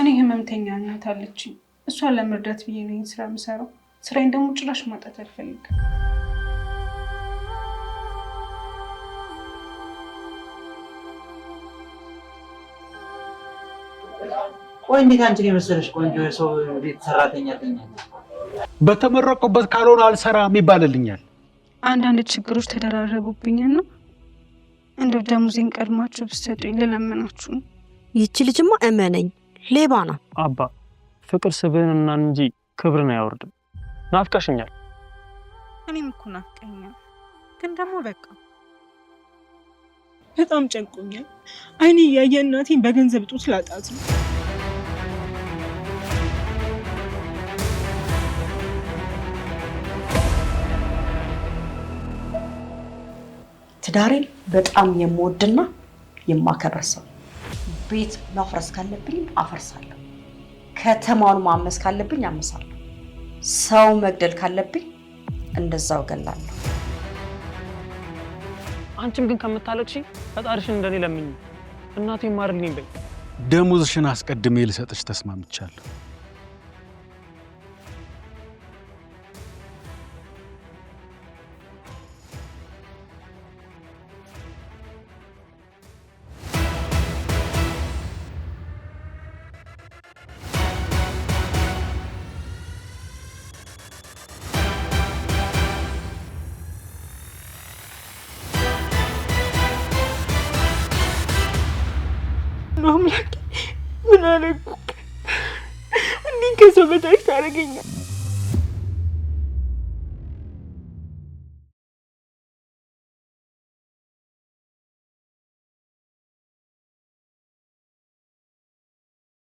እኔ ህመምተኛ እናት አለችኝ። እሷን ለመርዳት ብዬ ነኝ ስራ የምሰራው። ስራዬን ደግሞ ጭራሽ ማጣት አልፈልግም። ቆይ እንዴት አንቺን የመሰለሽ ቆንጆ የሰው ቤት ሰራተኛ ተኛ በተመረቁበት ካልሆነ አልሰራም ይባልልኛል። አንዳንድ ችግሮች ተደራረቡብኝና እንደው ደሞዜን ቀድማችሁ ብትሰጡኝ ልለምናችሁ ነው። ይቺ ልጅማ እመነኝ ሌባ ነው። አባ ፍቅር ስብህንና እንጂ ክብርን አያወርድም። ናፍቀሽኛል። እኔም እኮ ናፍቀኛል፣ ግን ደግሞ በቃ በጣም ጨንቆኛል። አይኔ እያየ እናቴን በገንዘብ ጡት ላጣት ነው። ትዳሬን በጣም የምወድና የማከብር ሰው ቤት ማፍረስ ካለብኝ አፈርሳለሁ። ከተማውን ማመስ ካለብኝ አመሳለሁ። ሰው መግደል ካለብኝ እንደዛው ገላለሁ። አንቺም ግን ከምታለቅሺ ፈጣሪሽን እንደኔ ለምኝ፣ እናቴ ማርልኝ በይ። ደሞዝሽን አስቀድሜ ልሰጥሽ ተስማምቻለሁ። ነው አምላኬ። ምን አደረኩ? እንዲህ ከሰው በታች ታደርገኛለህ?